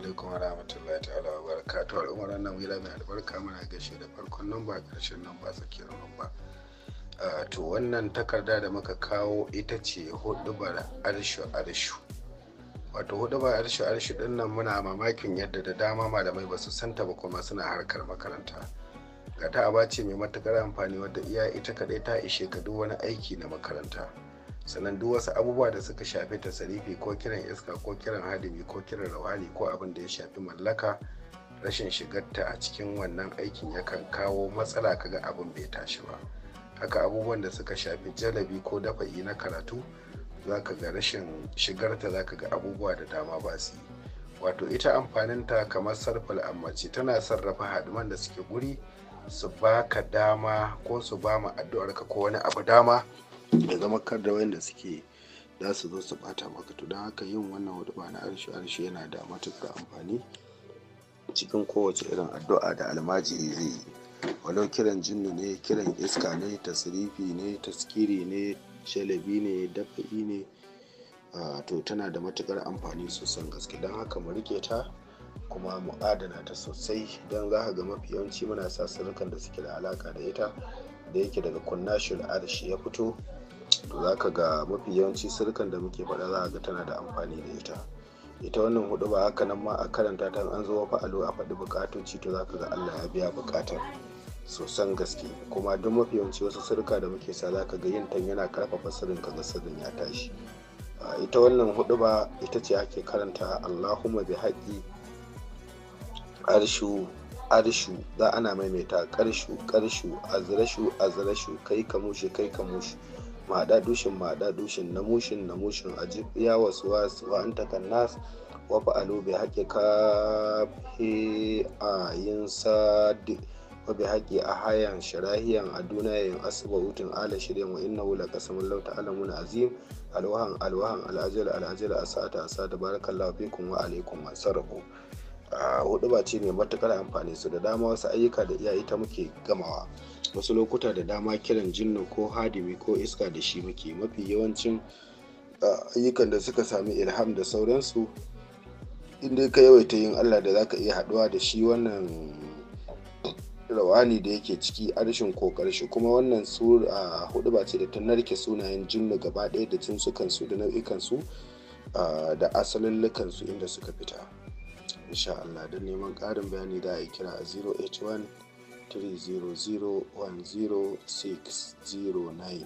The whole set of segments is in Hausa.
alaikum wa rahmatullahi ta'ala wa barakatu al'ummar nan wila mai albarka muna gaishe da farkon nan namba karshen nan namba tsakiyar ba ah, to wannan takarda da muka kawo ita ce hudubar arshu arshu wato hudubar arshu arshu din nan muna mamakin yadda da dama malamai ba su santa ba kuma suna harkar makaranta ga ta mai matukar amfani wadda iya ita kadai ta ishe ka duk wani aiki na makaranta sannan duk wasu abubuwa da suka shafi tasarifi ko kiran iska ko kiran hadimi ko kiran rawani ko abin da ya shafi mallaka rashin shigarta a cikin wannan aikin yakan kawo matsala kaga abin bai tashi ba haka abubuwan da suka shafi jalabi ko dafa dafa'i na karatu za ka ga rashin shigarta za ka ga abubuwa da dama ba su yi wato ita amfaninta kamar sarfal ammaci tana sarrafa haduman da suke guri su baka dama ko su ba ma addu'arka ko wani abu dama da zama kar da wayanda suke za su zo su bata maka to don haka yin wannan ba na arshe arshe yana da matuƙar amfani cikin kowace irin addu'a da almaji zai yi walau kiran jinnu ne kiran iska ne tasirifi ne taskiri ne shalabi ne dafa'i ne to tana da matukar amfani sosan gaske don haka mu rike ta kuma mu adana ta sosai don za ka ga mafi yawanci muna sa sirrukan da suke da alaka da ita da yake daga kunnashin arshi ya fito za ka ga mafi yawanci sirkan da muke faɗa za ga tana da amfani da ita ita wannan hudu ba haka nan ma a karanta ta an zo wafa alo a faɗi bukatoci to za ka ga allah ya biya bukatar sosan gaske kuma duk mafi yawanci wasu sirka da muke sa za ka ga yin tan yana karfafa sirrin ka ga sirrin ya tashi ita wannan hudu ba ita ce ake karanta allahumma bi haƙi arshu arshu za ana maimaita karshu karshu azrashu azrashu kai ka kai ka mada dushin mada dushin na mushin na mushin a ya wasu wasu wa an takan nas wa fa'alu bi haƙi a yin sadi wa bi a hayan shirahiyan a yin asuba utun ala shirin wa inna wula kasamin lauta alamun azim alwahan alwahan alajil alajil a sa'ata a sa'ata barakallahu fikum wa alaikum a hudu ba ce mai matukar amfani su da dama wasu ayyuka da iyaye ta muke gamawa wasu lokuta da dama kiran jinnu ko hadimi ko iska da shi muke mafi yawancin ayyukan da suka sami ilham da sauransu inda ka yawaita yin allah da zaka iya haduwa da shi wannan rawani da yake ciki arshin ko karshe kuma wannan sura hudu ba ce da ta narke sunayen jinnu gaba ɗaya da jinsukansu da nau'ikansu da asalin inda suka fita insha Allah don neman ƙarin bayani da a yi kira a 081 300106009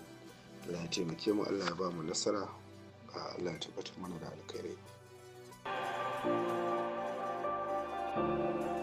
Allah ya taimake mu Allah ya ba mu nasara Allah ya tabbatar mana da alkhairi thank you